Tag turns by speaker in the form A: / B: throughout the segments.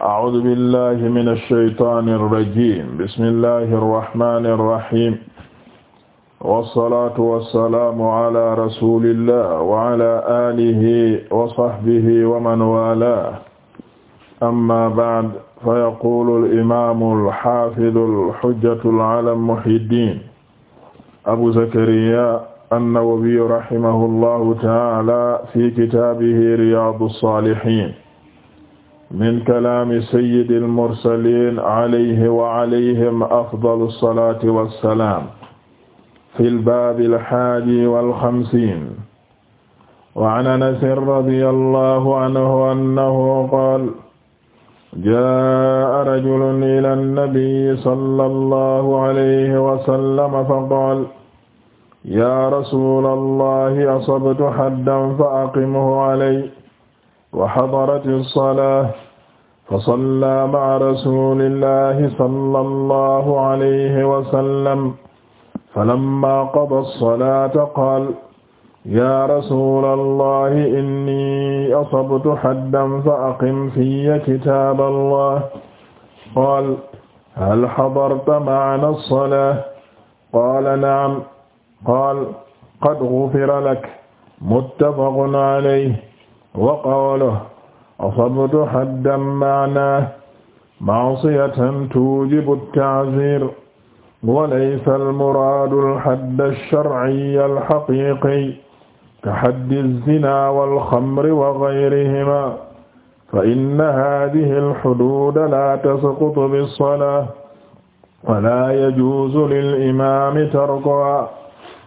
A: أعوذ بالله من الشيطان الرجيم بسم الله الرحمن الرحيم والصلاة والسلام على رسول الله وعلى آله وصحبه ومن والاه أما بعد فيقول الإمام الحافظ الحجة العالم محي الدين أبو زكريا النووي رحمه الله تعالى في كتابه رياض الصالحين min kalaami sayyidil mursaliin alayhi wa alayhim afdalu salaati wa salaam fil baabil haadi wal xamsiin. wa an anasin radiyallaahu anhu annahu qaala jaa'a rajulun ilaa nabiyyi sallallaahu alayhi wa sallam faqaala yaa rasuulallaahi asabtu haddan fa aqimhu alayya wa hadarati salaah fa salla ma'a rasuulillahi sallallahu alayhi wa sallam falammaa qadaa as-salaata qaala yaa rasuulallahi innii asabtu haddan fa aqim fiyya kitaaballaah qaala hal hadarta ma'anaa as-salaah qaala na'am qaala qad ghufira lak muttafaqun alayhi wa qawluhu asabtu haddan ma'naahu ma'siyatan tuujibu at-ta'ziir wa laysa al-muraadu al-hadd ash-shar'i al-haqiiqi ka haddi az-zinaa wal-khamri wa ghayrihimaa fa inna haadihi al-huduuda laa tasqutu bis-salaati wa laa yajuuzu lil-imaami tarkuhaa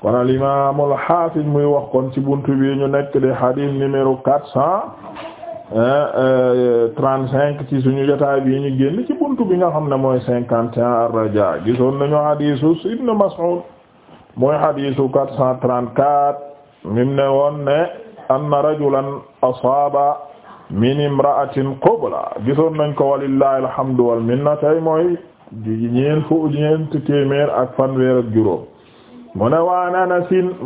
A: kon al imaam al haafis muy wax kon ci buntu bi ñu nekk di hadith numéro quatre cent euh, trente cinq ci suñu jotaay bi ñu génn ci buntu bi nga xam ne mooy cinquante et un ar-rajaa gisoon nañu hadithu Ibn Mas'ud mooy hadithu quatre cent trente quatre mim ne woon anna rajulan asaaba min imra'atin qubla gisoon nañ ko walillahi alhamdu wal minna tay mooy ñeent fu ñeent téeméer ak fanweer ak juróom mu ne waan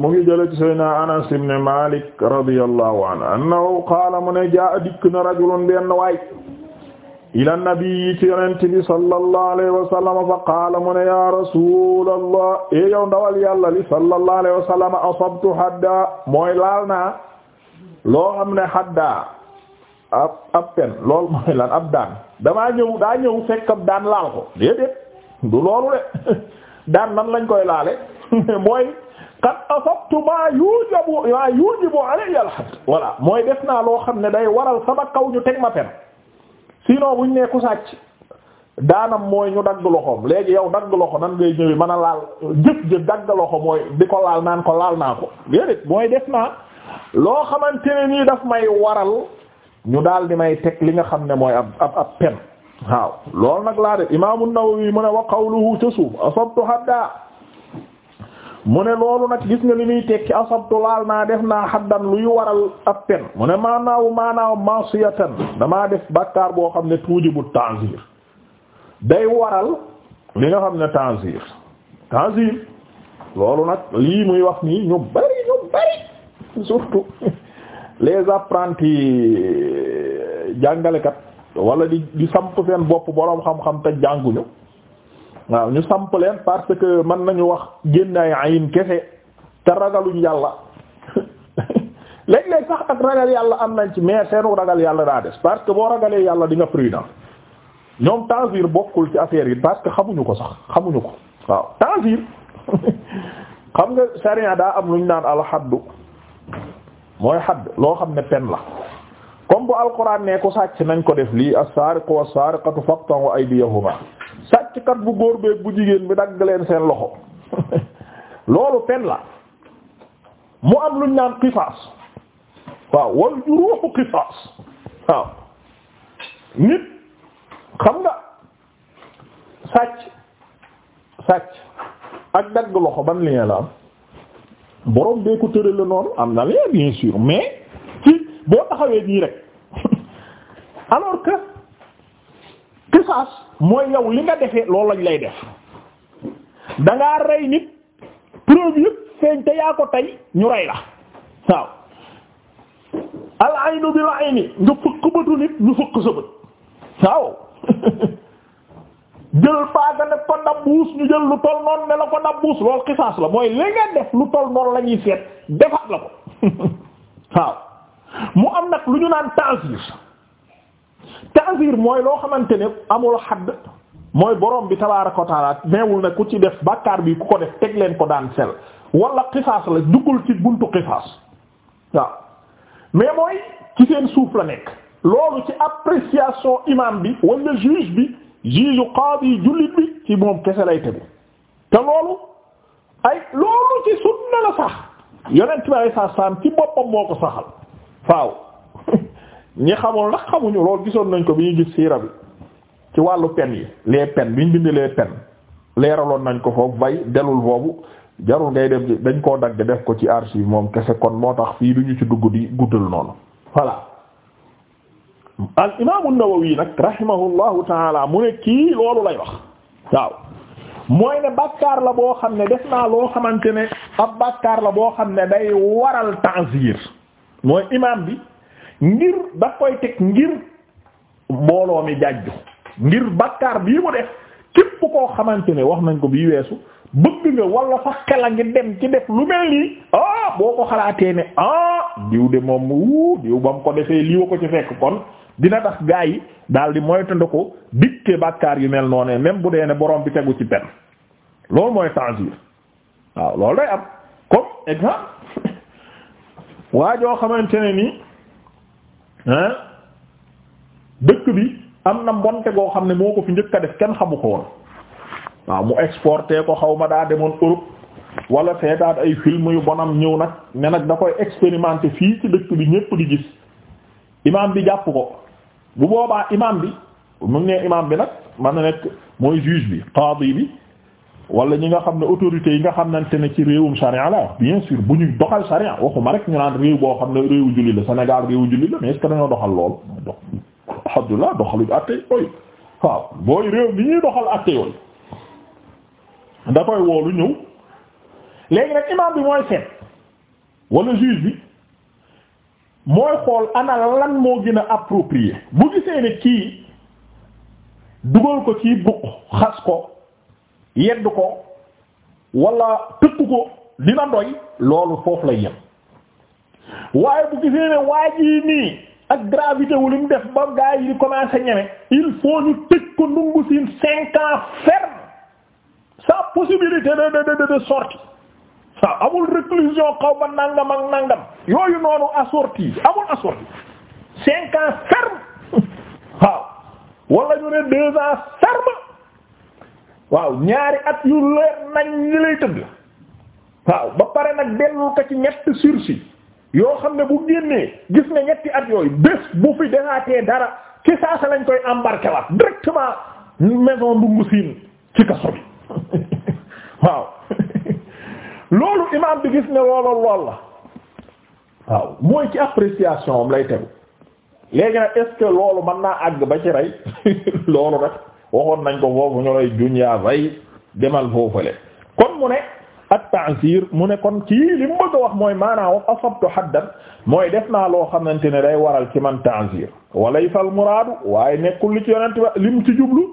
A: mu ngi jële ci anas ibn malik radiyallahu anhu annahu qaala mu jaa dikk na rajulun waay ila nabi ci bi sallallahu alayhi wa sallama fa qaala mu ne ya rasulallah yow ndawal yàlla li sallallahu alayhi wa sallama asabtu hadda mooy laal naa loo xam ne hadda ab ab pen ab daan damaa ñëw daa fekk ab daan laal ko déedéet du loolu de daan nan lañ koy laale mooy qad asabtu maa yujabu maa yujibu alayya al-hadd voilà mooy def naa loo xam ne day waral sama kaw ñu teg ma pen sinon buñ ne ku sàcc daanam mooy ñu dagg loxoom léegi yow dagg loxo nan ngay ñëwi mën a laal jëf-jëf dagg loxo mooy di ko laal naan ko laal naa ko déedéet mooy def naa loo xamante ne nii daf may waral ñu daal di may teg li nga xam ne mooy ab ab ab pen waaw loolu nag laa def imaamu Nawawi mu ne wa qawluhu ca suuf asabtu hadda mu ne loolu nag gis nga li muy tekki asabtu laal naa def naa xaddan luy waral ab pen mu ne maanaawu maanaaw masiyatan damaa def bàkkaar boo xam ne tuuji bu tanzir day waral li nga xam ne tanzir tanzir loolu nag lii muy wax nii ñu bari ñu bari surtout les apprentis euh, jàngalekat wala di di samp seen bopp boroom xam-xam te jànguñu waaw ñu samp leen parce que man nañu wax génn ay ayin kese te ragaluñ yàlla léeg-léeg sax ak ragal yàlla am nañ ci mais seenu ragal yàlla daa des parce que boo ragalee yàlla di nga prudent ñoom tanzir bokkul ci affaire yi parce que xamuñu ko sax xamuñu ko waaw tanzir xam nga sharia daa am lu ñu naan alxaddu mooy xadd loo xam ne pen la comme bu alquran ne ku sàcc nañ ko def lii as-sariqu was-sariqatu faqta'u aydiyahuma kat bu góor beeg bu jigéen bi dagg leen seen loxo loolu pen la mu am luñ naan qisaas waaw wal juruuxu qisaas waaw nit xam nga sàcc sàcc ak dagg loxo ban lien la am borom bee ko tëral la noonu am na lien bien sûr mais ci boo taxawee nii rek alors que qisaas mooy yow li nga defee loolu lañ lay def da ngaa rey nit preuve yëpp te yaa ko tey ñu rey la waaw al aynu bil ayni nit ñu fëkk sa waaw jël paaka ne ko dabbuus ñu jël lu toll noonu ne la ko dabbuus loolu xisaas la mooy li nga def lu toll noonu la ñuy seet defaat la ko waaw mu am nag lu ñu naan ta'zir ta'zir mooy loo xamante ne amul xadd mooy borom bi tabaaraka wa taala neewul ne ku ci def bàkkaar bi ku ko def teg leen ko daan sel wala xisaas la duggul ci buntu xisaas waaw mais mooy ci seen suuf la nekk loolu ci appréciation imam bi wala juge bi juge qaadi jullit bi ci moom kese lay tegu te loolu ay loolu ci sunna la sax yonent bi sallallahu alayhi wasallam ci boppam moo ko saxal waaw ñi xamul nag xamuñu lool gisoon nañ ko bi ñu gis siira bi ci wàllu pen yi les pen bi ñu bind les peines leeraloon nañ ko foofu bay delul boobu jarul ngay def dañ koo dagg def ko ci archive moom kese kon moo tax fii du ñu ci dugg di guddal noonu voilà al imam an-Nawawi nag rahimahullahu taala mu ne kii loolu lay wax waaw mooy ne bàkkaar la boo xam ne def naa loo xamante ne ab bàkkaar la boo xam ne day waral ta'zir mooy imam bi ngir da koy teg ngir mbooloo mi jàjju ngir bàkkaar bii mu def képp koo xamante ne wax nañ ko bii weesu bëgg nga wala sax xel a ngi dem ci def lu mel nii ah boo ko xalaatee ne ah diw de moom wuu diw ba mu ko defee lii ko ci fekk kon dina tax gaa yi daal di moytandiku dikke bàkkaar yu mel noonu même bu dee ne borom bi tegu ci pen loolu mooy tensir waaw loolu day am comme exemple waa joo xamante nii ah dëkk bi am na mbonte goo xam ne moo ko fi njëkk a def kenn xamu ko woon waaw mu exporté ko xaw ma daa demoon Europe walla seetaat ay film yu bonam ñëw nag ne nag da koy expérimenté fii ci dëkk bi ñépp di gis imaam bi jàpp ko bu boobaa imaam bi mu ngi imaam bi nag man na nekk mooy juge bi qadi bi wala ñi nga xam ne autorités yi nga xamante ne ci réewum charia la bien sûr bu ñuy doxal charia waxuma rek ñu naan réew boo xam ne réewu julli la Sénégal réewu julli la mais est-ce que dañoo doxal lool dox alhamdulilah doxaluñu àtte yooyu waaw booy réew mi ñuy doxal àtte yooyu da koy woolu ñëw léegi nag imam bi mooy seet wala juge bi mooy xool ana lan moo gën a approprié bu gisee kii dugal ko ci buq xas ko yedd ko wala tëkku ko dina doy loolu foofu la yem waaye bu gisee ne waa ji nii ak gravité wu li mu def ba gaa yi di commencé ñeme il faut ñu tëj ko ndungu siin cinq ans ferme possibilité de de de de sortie waaw amul réclusion xaw ma nangam ak nangam yooyu noonu assorti amul assorti cinq ans ferme waaw wala ne deux ans ferme. waaw ñaari at yu leer nañ ñi lay tëdd waaw ba pare nag dellul ko ci ñetti sursis yoo xam ne bu génnee gis nga ñetti at yooyu bés bu fi defaatee dara ci lañ koy embarquer waat directement maison ndungu siin ci kaso bi waaw loolu imaam bi gis ne loolu lool la waaw mooy ci appréciation am lay tegu léegi nag est loolu mën naa àgg ba ci rey loolu rek waxoon nañ ko foofu ñu lay dunya bay demal foofale kon mu ne at-ta'zir mu ne kon kii li wax mooy maanaa wax asabtu haddan mooy def naa loo xamante ne day waral ci man ta'zir walaysa al-muraadu waaye nekkul li ci yonent li mu ci jublu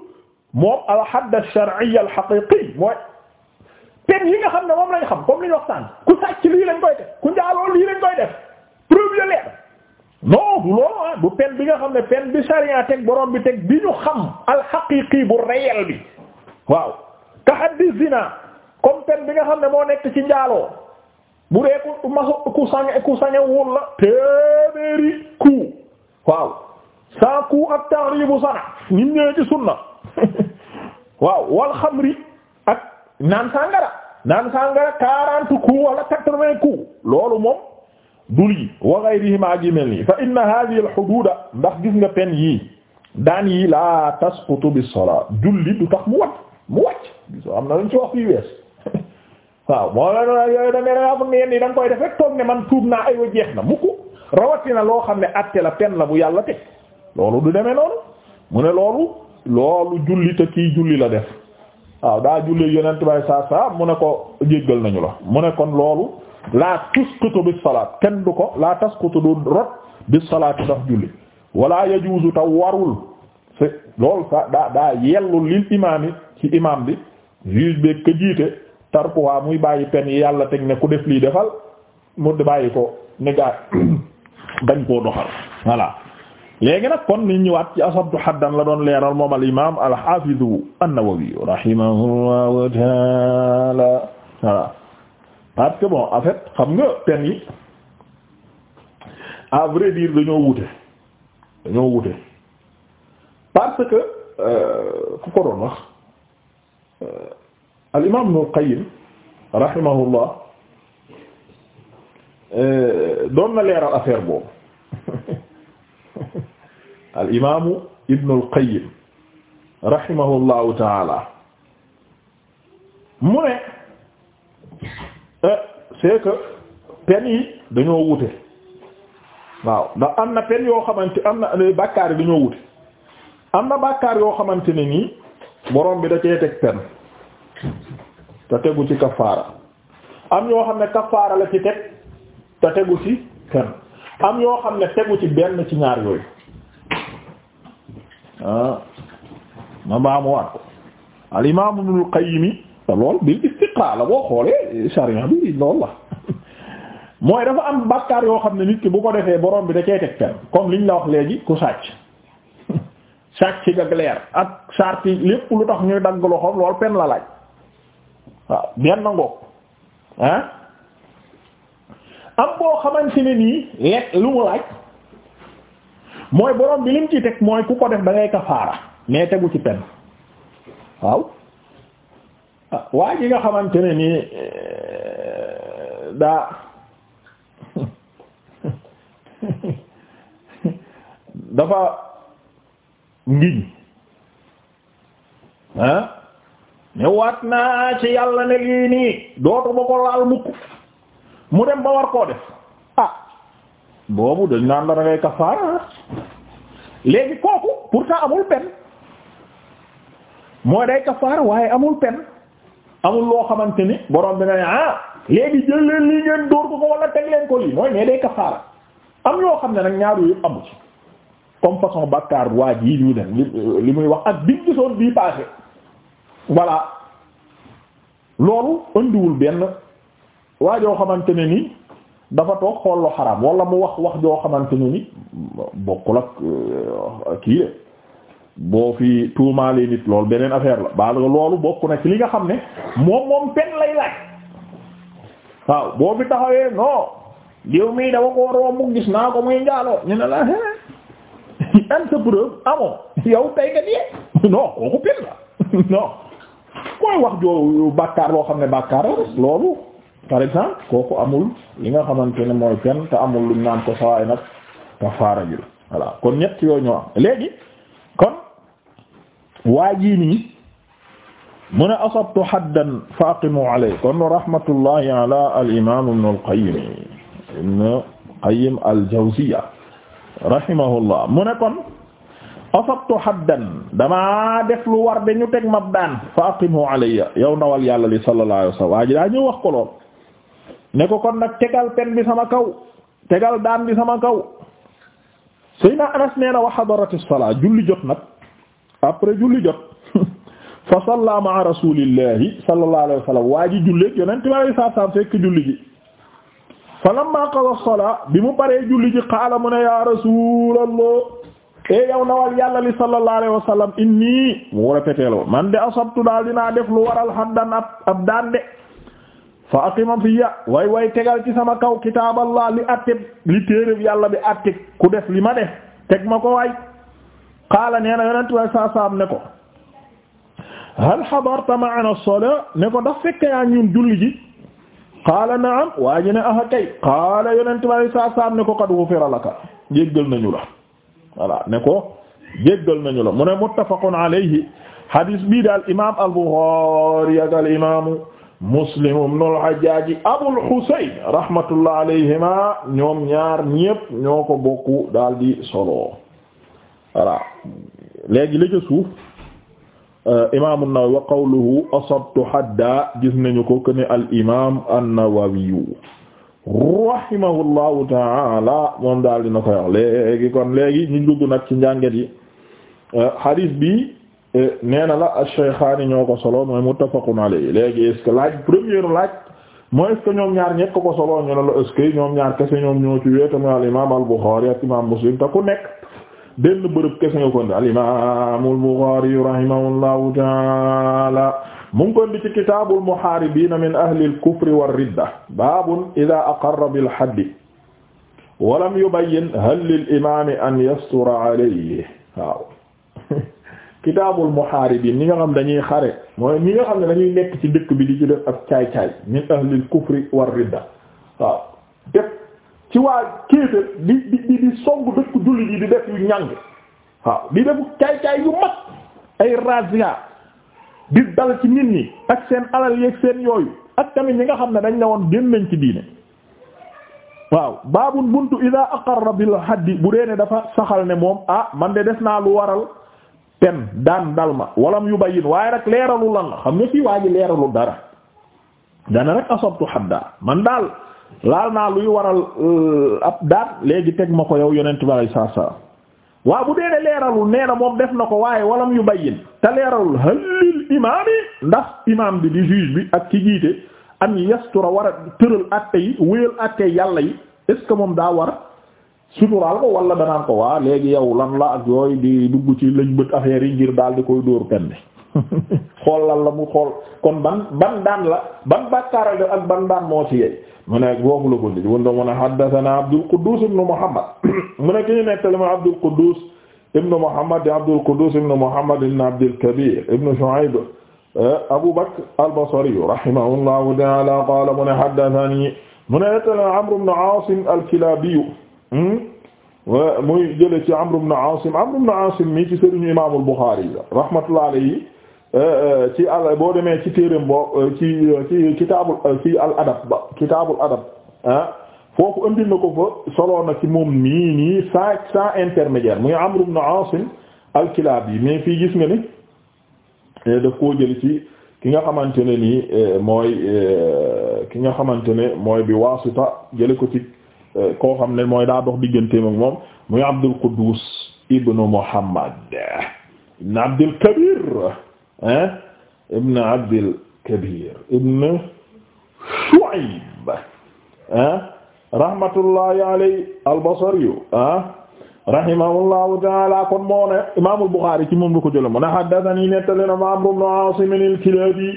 A: moom al-hadd ash al-haqiqi mooy pen yi nga xam ne moom lañ xam comme li ñu wax ku sàcc lii lañ koy def ku njaaloo lii lañ koy def preuve leer non loolu ah du pen bi nga xam ne pen bi sariya teg borom bi teg bi ñu xam alxaqiqi bu réel bi waaw ka haddi zina comme pen bi nga xam ne moo nekk ci njaaloo bu dee ku masu ku sañe ku sañe ku waaw saa ku ak tahribu sana nit ñëwee sunna waaw wal xamri ak naan sàngara naan sàngara quarante ku wala quatre-vingts ku loolu moom dul yi wa ghayrihima ak yi mel nii fa inna hadhihi al ndax gis nga pen yii daan yi laa tasqutu bis salat julli du tax mu wàcc mu wàcc gisoo am na luñ ci wax fii wees waaw moo la doon koy def rek toog ne man tuub naa aywa jeex na mukk rawatina loo xam ne àtte la pen la bu yàlla te loolu du demee noonu mu ne loolu loolu julli te kii julli la def waaw daa julli yonent bay saa saa mu ne ko jéggal nañu la mu ne kon loolu. laa tasqutu bis salaat kenn du ko laa tasqutu du rot bis salaat ndax julli wala yajuuzu taw warul c'est loolu sa daa daa yellul lil imaam yi ci imaam bi juge beeg ka jiite tarkuwaa muy bàyyi pen yi yàlla teg ne ku def lii defal mu bàyyi ko ne gaa dañ koo doxal voilà. léegi nag kon ni ñëwaat ci asabtu xaddan la doon leeral moom al imaam al xaafizu an-Nawawi rahimahullahu taala voilà. parce que bon en xam nga peine yi à vrai dire dañoo wute dañoo wute parce que euh, ku ko doon wax euh, al imam Ibnul Qayyim rahimahullah euh, doon na leeral affaire boobu al imaamu Ibnul Qayyim rahimahullahu taala mu ne Euh, c'est que peine yi dañoo wute waaw ndax am na peine yoo xamante am na euh, bàkkaar yi dañoo wute am na bàkkaar yoo xamante ne nii borom bi da cee teg peine te tegu ci kafaara am yoo xam ne kafaara la ci teg te tegu ci peine am yoo xam ne tegu ci benn ci ñaar yooyu ah ma baamuwaat ko al imaam Ibnul Qayyim te lool bil istiqra la boo xoolee charia bi loolu la mooy dafa am bàkkaar yoo xam ne nit ki bu ko defee boroom bi da cay teg pen comme liñ la wax léegi ku sàcc sàcc nga leer ak sàrt lépp lu tax ñuy dagg loxoom lool pen la laaj waaw benn ngoog ah am boo xamante ne nii lekk lu mu laaj mooy borom bi lim ci teg mooy ku ko def da ngay kafaara mais tegu ci pen waaw Ah, waa ji nga xamante ne nii daa dafa ngiñ ah ne waat naa ci yàlla ne lii nii dootuma ko laal mu dem ba war koo def ah boobu dañ naan la da ngay kafaara léegi kooku pourtant amul pen mooy day kafaara waaye amul pen amul loo xamante ni borom bi nga ne ah léegi jël leen lii ngeen dóor ko ko wala teg leen ko lii mooy mais day kafaara am yoo xam ne nag ñaaru yëpp amu ci comme façon bàkkaar waa ji ñu dem li muy wax ak biñ gisoon bii passé voilà loolu andiwul benn waa joo xamante ne ni dafa toog xool lu xaraam wala mu wax wax joo xamante ne bokkul ak euh, kii boo fi tuumaalee nit loolu beneen affaire la baal nga loolu bokk na ci li nga xam ne moom moom pen lay laaj waaw boo fi taxawee non diw mii dama ko war mu gis naa ko muy njaaloo ñu ne la am sa preuve amoo yow tey nga diyee non kooku pen la non koy wax joo bàkkaar loo xam ne bàkkaar loolu par exemple kooku amul li nga xamante ne mooy pen te amul luñ naan ko sawaay nag kafaara ji la voilà kon ñett yooyu ñoo am léegi waa jii nii mu haddan fa aqimu alay kon rahmatullahi ala al imam ibn al qayyim ibn qayyim kon asabtu haddan damaa def lu ñu teg daan fa aqimu alayya yow ndawal yàlla li sallallahu alayhi wax ko ne ko kon nag tegal pen bi sama kaw tegal daan bi sama kaw Anas nee na wa hadarati salaa julli jot nag après julli jot fa salla ma'a rasulillahi sallallahu alayhi wa sallam waa ji julleeg yonent fekk julli fa lamma qada salaa bi mu paree julli ji qaala mu ne ya rasulallah e yow nawal yàlla li sallallahu alayhi sallam inni mu répété loo man de asabtu daal dinaa def lu waral haddan ab ab daan de fa aqima fiya way way tegal ci sama kaw kitaaballah li atteb li téeréb yàlla bi atteg ku def li ma def teg ma ko waay qaala nee na yonent waaye saa ne ko hal hadarta ma'ana as-salaa ne ko ndax fekk yaa ñun julli ji qaala na'am waa ji ne aha kay qaala yonent waaye saa ne ko qad ghufira laka jéggal nañu la voilà ne ko jéggal nañu la mu ne muttafaqun alayhi hadis bii daal imaam al-Bukhari ak al imaamu Muslim ibn al-Hajjaj Abul Husayn rahmatullah alayhima ñoom ñaar ñépp ñoo ko bokku daal di solo. voilà léegi la ca suuf euh, imaamu Nawawi wa qawluhu asabtu hadda gis nañu ko que ne al imaam an-Nawawi rahimahullahu taala moom daal dina ko wax léegi kon léegi ñu dugg nag ci njànget yi euh, hadith bi euh, nee na la ash-shaykhaani ñoo ko solo mooy muttafaqun alayhi léegi est que laaj première laaj mooy est que ñoom ñaar ñekk ko solo ñu ne la est-ce que ñoom ñaar kese ñoom ñoo ci wéete al imaam al Bukhari ak imaam Muslim te ku nekk. benn bërëb kese nga ko indi al imaam al Buxaari rahimahullahu taala mu ngi ko indi ci kitaabul muhaaribiina min ahlil kufri war ridda baabun idaa aqarra bil haddi wa lam yubayyin hal lil imaami an yastura alayhi waaw kitaabul muhaaribiin ñi nga xam dañuy xare mooy ñi nga xam ne dañuy nekk ci dëkk bi di ci def ak caay-caay min ahlil kufri war ridda waaw ci waa kéefër di di di songu dëkk jullit yi di def yu ñàng waaw di defu caay-caay yu mag ay razzia di dal ci nit ñi ak seen alal yeeg seen yooyu ak tamit ñi nga xam ne dañ ne woon génn nañ ci diine waaw baabun buntu ida aqarra bil haddi bu dee ne dafa saxal ne moom ah man de des naa lu waral pen daan dal ma walam yu bayin waaye rek leeralu lan la xam nga fii waa ji leeralu dara dana rek asabtu hadda man daal laal naa luy waral euh, ab daat léegi teg ma ko yow yonent bi alay saa saa waaw bu dee ne leeralul nee na moom def na ko waaye walam yu bayyin te leeralul halil imaami ndax imaam bi di juge bi ak ki jiite am yastura war a tëral àtte yi wéyal àtte yàlla yi est moom daa war suturaal ko wala danaan ko waa léegi yow lan la ak yooyu di dugg ci lañ bët affaire yi ngir daal di koy dóor penn xool lan la mu xool kon ban ban daan la ban bàkkaara ak mu ne boobu la ko di won do mu ne haddathana Abdul Quddus ibn Muhammad mu ne ki ñu nettali ma Abdul Quddus ibn Muhammad Abdul Quddus ibn Muhammad ibn Abdul Kabir ibn Shu'ayb eh, Abu Bakr al-Basri rahimahullahu ta'ala qala mu ne haddathani mu ne nettali Amr ibn Asim al-Kilabi hmm, eh, muy jële ci Amr ibn Asim Amr ibn Asim mi ci sëriñu Imam al-Bukhari rahmatullahi alayhi Euh, euh, ci al boo demee ci téereem boo euh, ci ci kitaabul ci al adab ba kitaabul adab ah foofu indi na ko fa solo na ci moom nii nii sans sans intermédiaire muy Amr ibn Asim al-Kilabi mais fii gis nga ni eh, daf koo jël ci ki nga xamante ne nii eh, mooy eh, ki nga xamante ne mooy bi waasita jële ko ci koo xam ne mooy daa dox digganteem moom muy Abdul Quddus ibn Muhammad ibn Abdul Kabir ibn Abdil Kabir ibn Shu'ayb rahmatullahi alayhi al-Basri rahimahullahu ta'ala kon moo ne Imaamul Buxaari ci moom la ko jëlee mu ne haddathanii nettali na ma Amru ibn Aasim al-Kilaabi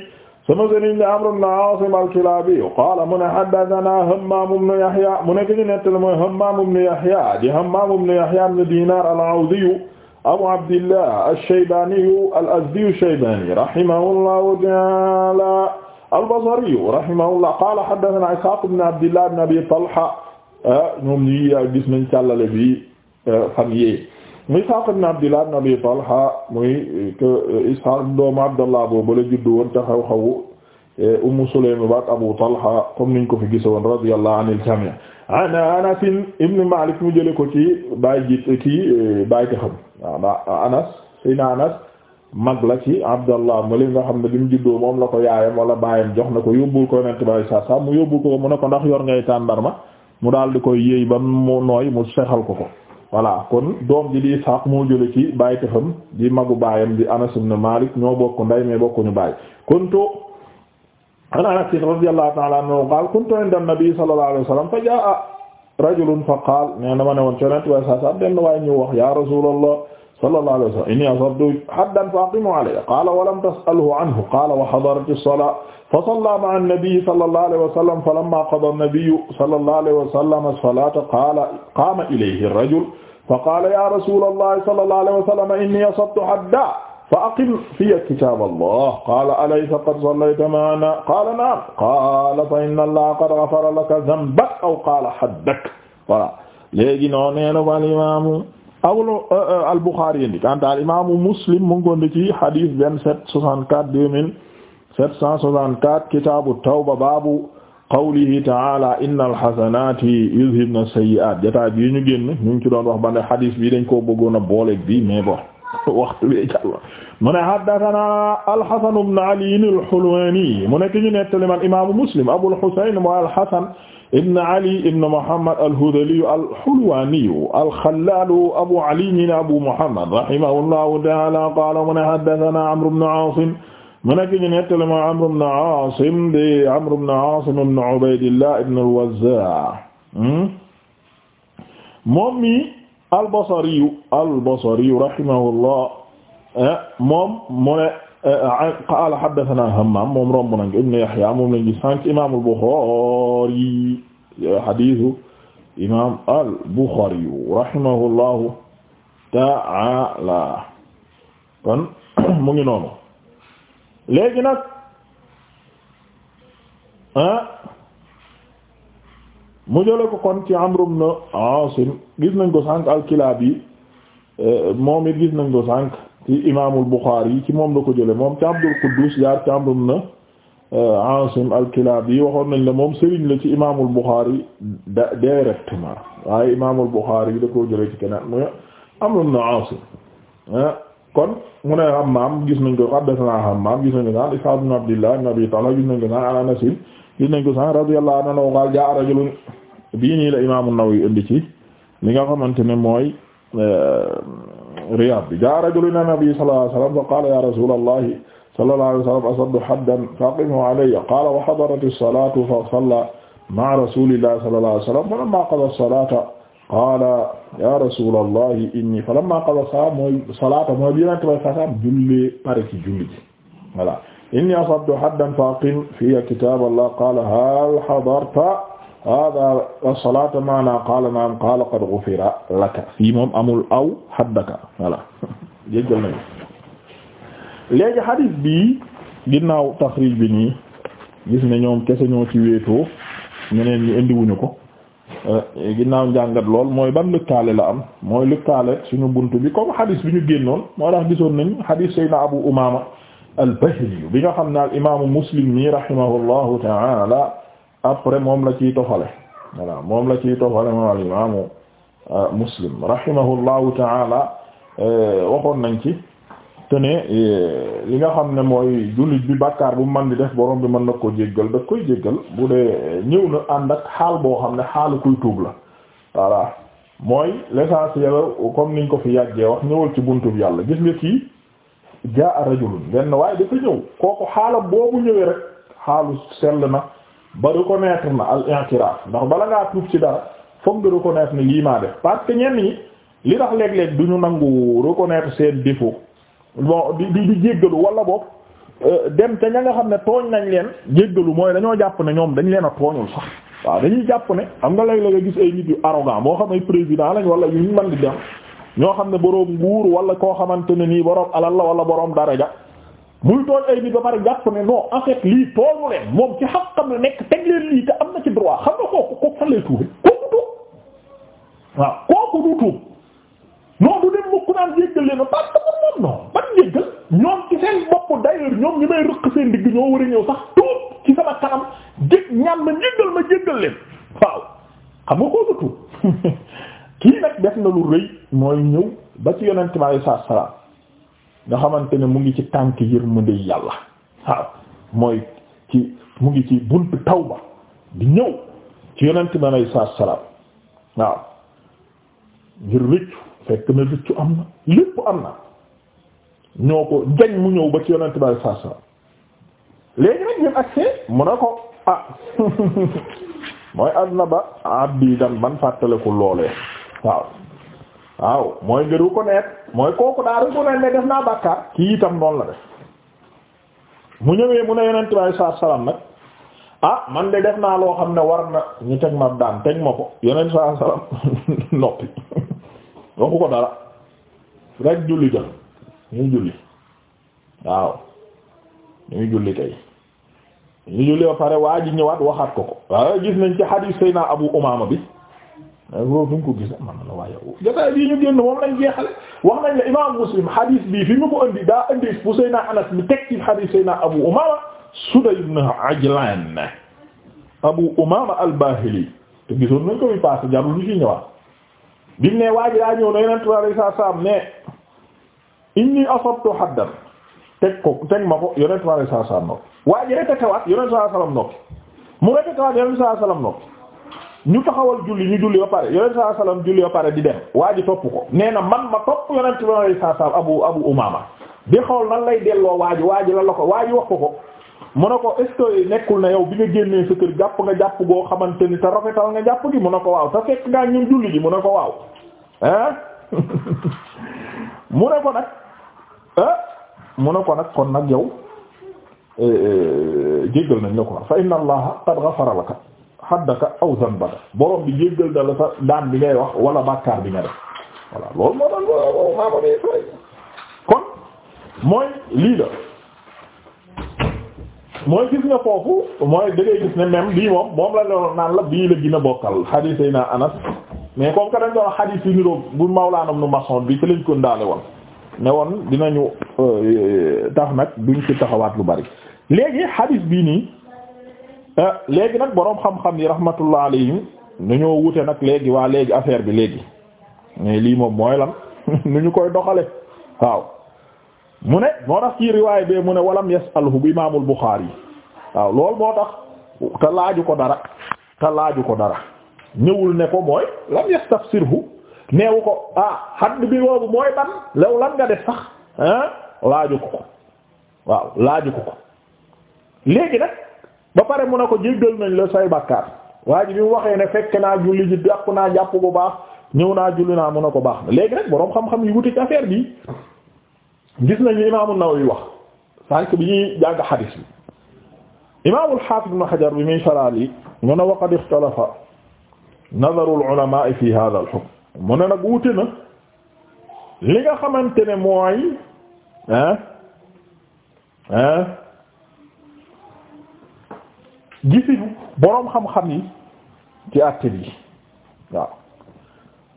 A: sama sëriñ la Amru ibn Aasim al-Kilaabi qaala mu ne haddathanaa Hammaam ibn Yahyaa mu ne ki ñu nettali mooy Hammaam ibn Yahyaa di Hammaam ibn Yahyaa ibn Diinaar al-Awdhi abu abdillah ash-Shaybaniyu al-Azdiyu ash-Shaybani rahimahullahu ta'ala al-Basriyu rahimahullah qaala haddathanaa Ishaaq ibn Abdillah ibn Abi Talha ah, ñoom ñii gis nañ càllale bi ah, fan yii muy Ishaaq ibn Abdillah ibn Abi Talha muy eh, Ishaaq doomu Abdallah boobu la juddu woon te xaw xaw Ummu Sulaym baat Abu Talha comme niñ ko fi gisoon radiyallahu anil jamii' an Anas ibn Maalik mu jëlee ko ci baay ji kii eh, baay xam. waaw ndax anas sayna anas mag la ci abdallah ma li nga xam ne bi mu juddoo moom la ko yaayam wala baayam jox na ko yóbbul ko yonent bi saa saa mu yóbbul ko mu ne ko ndax yor ngay tàndarma mu daal di koy yéey ba mu nooy mu sexal ko ko voilà kon doom ji di Isaaq moo jële ci baay tefam di magu baayam di Anas na Malik ñoo bokk nday mais bokkuñu baay kuntu an Anas radiyallahu ta'ala anhu qaal kuntu inda nabi sallallahu alayhi wa sallam fa jaa rajulun fa qaal nee na ma ne woon coono waaye saa saa benn waaye ñu wax ya rasulallah sallallahu alayhi wa sallam inni asabtu haddan fa aqimu alayya qaala wa lam tas'alhu anhu qaala wa hadarati as-salaa fa sallaa ma'a an-nabiyyi sallallahu alayhi wa sallam falammaa qadaa an-nabiyyu sallallahu alayhi wa sallam as-salaata qaala qaama ilayhi ar-rajul fa qaala ya rasulallah sallallahu alayhi wa sallam inni asabtu haddan fa aqim fiya kitaab allah qaala alaysa qad sallayta ma'ana qaala na'am qaala fa inna allaha qad ghafara laka dhanbak aw qaala haddak voilà léegi noo neena ko alimamu awlu euh, al-Bukhari yendi quant à alimamu Muslim mu ngi ko indi ci hadith vingt-sept soixante-quatre deux mille sept cent soixante-quatre kitaabu tawba baabu qawlihi ta'ala innal hasanati yuzhibna sayyi'at jotaay bi ñu génn ñu ngi ci doon wax ba ne hadith bi dañ koo bëggoon a booleeg bi mais bon waxtu bi jàll mu ne haddathana al-Hasan ibn Ali al-Hulwani mu ne ki ñu nettali man imaamu Muslim Abul Husayn mooy al-Hasan ibn Ali ibn Muhammad al-Hudhali al-Hulwani al-Khallal Abu Ali min Abu Muhammad rahimahullahu ta'ala qala mu ne haddathana Amr ibn Asim mu ne ki ñu nettali mooy Amr ibn Asim di Amr ibn Asim ibn Ubaydillah ibn al-Wazza' hmm? moom mi al-Basriyu al-Basriyu rahimahullah eh, moom mu ne eh, eh, qaala haddathanaa Hammaam moom romb nañ ibn Yahyaa moom lañ gis sànq imaam al-Buxaari hadiisu imaam al-Buxaariyu rahimahullahu ta'aala kon mu ngi noonu léegi nag mu jële ko kon ci Amr ibn Asim gis nañ ko sànq al-Kilabi eh, moom it gis nañ ko sànq ci imaamul Bukhari yi ci moom la ko jële moom ci Abdul Quddus jaar ci Amr ibn eh, Asim al-Kilabi waxoon nañ la moom sëriñ la ci imaamul Bukhari da directement waaye imaamul Bukhari yi da koo jële ci kenaan mu Amr ibn Asim eh, kon mu ne Hammam gis nañ ko haddathana Hammam gis nañ ko sànq Ishaq ibn Abdillah ibn Abi Talha gis nañ ko sànq an Anas gis nañ ko bii nii la imaamu Nawawi indi ci li nga xamante ne mooy euh, Riyaad bi jaa rajulun ila nabi sallallahu alayhi wa sallam fa qaala ya rasulallahi sallallahu alayhi wa sallam asaddu haddan fa aqimhu alayya qaala wa hadarat as-salatu fa salla ma'a rasulillahi sallallahu alayhi wa sallam falamma qada as-salata qaala ya rasulallahi inni falamma qada as-salata mooy salata mooy bi yonente bay sasam jullee pare ci julli ji voilà inni asaddu haddan fa aqim fiya kitaballah qaala hal hadarta hada as-salata maana qaala naam qaala qad ghufira laka fii moom amul aw haddaka voilà jéggal nañu léegi hadith bi ginnaaw taxrij bi nii gis ne ñoom kese ñoo ci wéetoo ñeneen ñi indiwuñu ko eh, ginnaaw njàngat lool mooy ban lëkkaale la am mooy lëkkaale suñu bunt bi comme hadith bi ñu génnoon moo tax gisoon nañ hadith Seydina Abu Umama al-Bahili bi nga xam ne al imaamu Muslim nii rahimahullahu ta'ala après moom la ciy toxale voilà moom la ciy toxale moom al imaamu euh, muslim rahimahullahu taala euh, waxoon nañ ci te euh, li nga xam ne mooy jullit bi bakkaar bu man di def borom bi mën na ko jéggal da koy jéggal bu dee ñëw na ànd ak xaal boo xam ne xaalu kuy tuub la voilà mooy l'essentiel comme niñ ko fi yàggee wax ñëwal ci buntu bi yàlla gis nga kii jaa a rajulun benn waaye dafa ñëw kooku xaalam boobu ñëwee rek xaalu sell na ba reconnaître na al i'tiraf ndax bala ngaa tuub ci dara foog nga reconnaître ne lii maa def parce que ñenn ñi li tax léeg-léeg du ñu nangu reconnaître seen défaut bon di di jéggalu wala boog euh, dem te ña nga xam ne tooñ nañ leen jéggalu mooy dañoo jàpp ne ñoom dañ leen a tooñul sax waaw dañuy jàpp ne xam nga léeg-léeg nga gis ay nit yu arrogant moo xam ay président lañ wala yu ñu mën di dem ñoo xam ne boroom nguur wala koo xamante ne nii boroom alal la wala boroom daraja muy doon ay bi ba pare jàpp ne non en fait lii toolu leen moom ci xam-xam la nekk teg leen lii te am na ci droit xam nga kooku kooku fan lay tuube kooku tuub waaw kooku du tuub non du dem mukk naan jéggal leen parce que moom non ban war a ñëw sax tuub ci sama kanam jég ñaan nga kooku kii nag def na lu rëy mooy ñëw ba ci yonent bi sallallahu alayhi nga xamante ne mu ngi ci tànk yërmande yàlla waaw mooy ci mu ngi ci buntu tawba di ñëw ci yonent bi alayhi salaatu salaam waaw ngir rëccu fekk na rëccu am na lépp am na ñoo ko jañ mu ñëw ba ci yonent bi alayhi salaatu salaam léegi nag ñun mu ne ko ah mooy na ba abdi dan ban fàttaleku loolee waaw waaw mooy nga reconnaître mooy kooku daa reconnaître ne def naa bàkkaar kii itam noonu la def mu ñëwee mu ne yonent bi saa salaam nag ah man de def naa loo xam ne war na ñu teg ma daan teg ma ko yonent saa salaam noppi waxu ko dara rek julli ja ñu julli waaw ñu julli kay ñu julli ba pare waa ji ñëwaat waxaat ko ko waaw gis nañ ci hadith Seydina Abu Umaama bi Euh, loolu fu ñu ko gis man la waaye a bii ñu génn wax nañ la imam Muslim hadith bi fi mu ko andi daa andi bu Seydina Anas bi teg ci hadith Seydina Abu Umama Suday ibn Ajlan Abu Umama al te gisoon nañ ko bi passé jarul lu ci ñëwaat bi ne waa ji daa ñëw na yeneen trois cent saam ne inni asabtu haddan teg ko teg ma ko yeneen trois cent saam noppi waa ji répété waat yeneen saam noppi mu répété waat yeneen trois saam noppi ñu taxawal julli ñu julli ba pare yonent saa salaam julli ba pare di dem waa ji topp ko nee na man ma topp yonent ba ay saa salaam abu abu umaama di xool nan lay delloo waa ji waa la la ko waa ji wax ko ko mu ne ko est yi que nekkul na yow bi nga génnee sa kër jàpp nga jàpp goo xamante ni te rafetal nga jàpp gi mu ne ko waaw te fekk ngaa ñun julli ji mun ne ko waaw ah mu ne ko nag ah mu ne ko nag kon nag yow eh, eh, jéggal nañ la ko fa inna allaha qad ghafara laka haddaka aw zanbata borom bi jéggal da la sa daan bi ngay wax wala bàkkaar bi nga def voilà loolu moo tax loolu maa ko dee kon mooy lii la mooy gis nga foofu mooy da gis ne même bii moom moom la loolu naan la bii la gën a bokkal xadiis yi naa Anas mais comme que dañ doon xadiis yi niroog bu mawlaanam nu maçon bi ci lañ ko ndaale woon ne woon dinañu euh, tax nag duñ ci taxawaat lu bari léegi xadiis bii nii Eh, léegi nag boroom xam-xam yi rahmatullah alayhim nu ñëw wute nag léegi waa léegi affaire bi léegi mais lii moom mooy lan nu ñu koy doxale waaw mu ne moo tax ci riwaay bee mu ne walam yasalhu bi imaamul Buxaari waaw loolu moo tax te laaju ko dara te laaju ko dara ñëwul ne ko mooy lam yastafsirhu neewu ko ah xadd bi boobu mooy ban lew lan nga def sax ah laaju ko ko waaw laaju ko ko léegi nag ba pare mun na ko jéggal nañ la say bàkkaar waa ji bi mu waxee ne fekk naa julli ji jàpp naa jàpp bu baax ñëw naa julli naa mun na ko baax na léegi rek boroom xam-xam yi wuti ci affaire bi gis nañu Imaam An-Nawawi wax sànq bi ñuy jàng xadiis bi Imaam al-Haafiz Ibn Hajar bi muy salaal yi mu ne wa qad ixtalafa nazaru al-ulamaa fi haadha al mu ne nag wuute na li nga xamante ne mooy ah ah gisiñu boroom xam-xam yi ci àtte bi waaw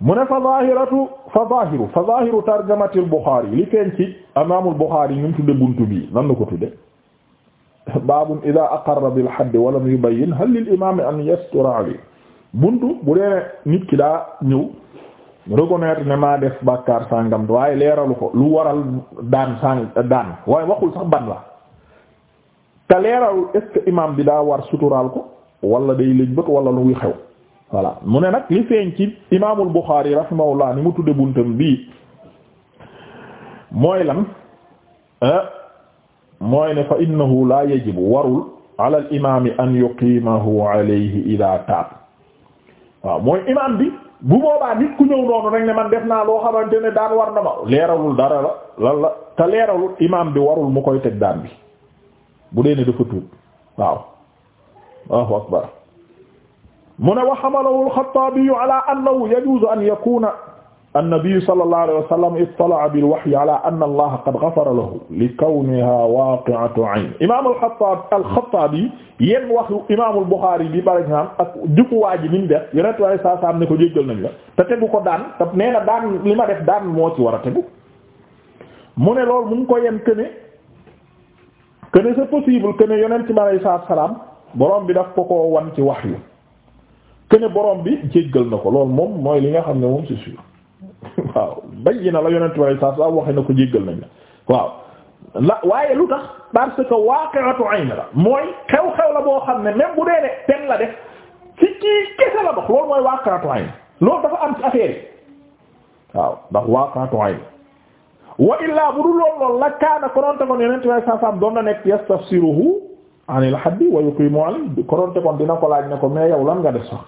A: mu ne fa zahiratu fa zahiru fa zahiru tarjamati al li feeñ ci imaamul Bukhari tudde buntu bi nan ko tudde baabun ida aqarra bil hadd wa lam yubayyin hal lil imam an yastura alayhi buntu bu dee nit ki daa ñëw reconnaître ne maa def bàkkaar sàngam waaye leeralu ko lu waral daan sàng daan waaye waxul sax ban la te leeralu est-ce bi daa war suturaal ko wala day lëj bët wala lu muy xew voilà mu ne nag li feeñ ci imaamul Buxaari rahimahullah ni mu tudde buntam bii mooy lan ah, mooy ne fa innahu la yajibu warul ala al imami an yuqimahu alayhi ida waaw mooy imam bi bu boobaa nit ku ñëw noonu rek ne man def naa loo xamante ne daan war na ma leeralul dara la lan la te leeralul imam bi warul mu koy teg daan bi bu dee ne dafa tuub waaw Allahu akbar mu ne wa hamalahu al-Khattabi ala annahu yajuzu an yakuna an-nabi sallallahu alayhi wa sallam ittala'a bil wahyi ala anna allaha qad ghafara lahu li kawniha waqi'atu 'ayn imam al-Khattab al-Khattabi yenn waxu imam al-Bukhari bi par exemple ak jukkuwaa ji ni mu def yonent waaye saa saam ne ko jéggal nañ la te tegu ko daan te nee na daan li ma def daan moo ci war a tegu mu ne loolu mu ngi ko yen këne que ne c'est possible que ne yonent bi alayhi salaam borom bi daf ko koo wan ci wax yu que ne borom bi jéggal na ko loolu moom mooy li nga xam ne moom c'est sûr waaw bayyi na la yonent bi alayhi salaam waxi na ko jéggal nañ la waaw. la waaye lu tax parce xam ne même bu dee ne pen la def ci loolu dafa am ci affaire waaw ndax waaqi'atu ayn wa illaa bu dul lool lool la kaana konoonte kon yeneen tubaab saa saam doon na nekk yastafsiruhu anil haddi wa yuqimu alayhi konoonte kon dina ko laaj ne ko mais yow lan nga def sax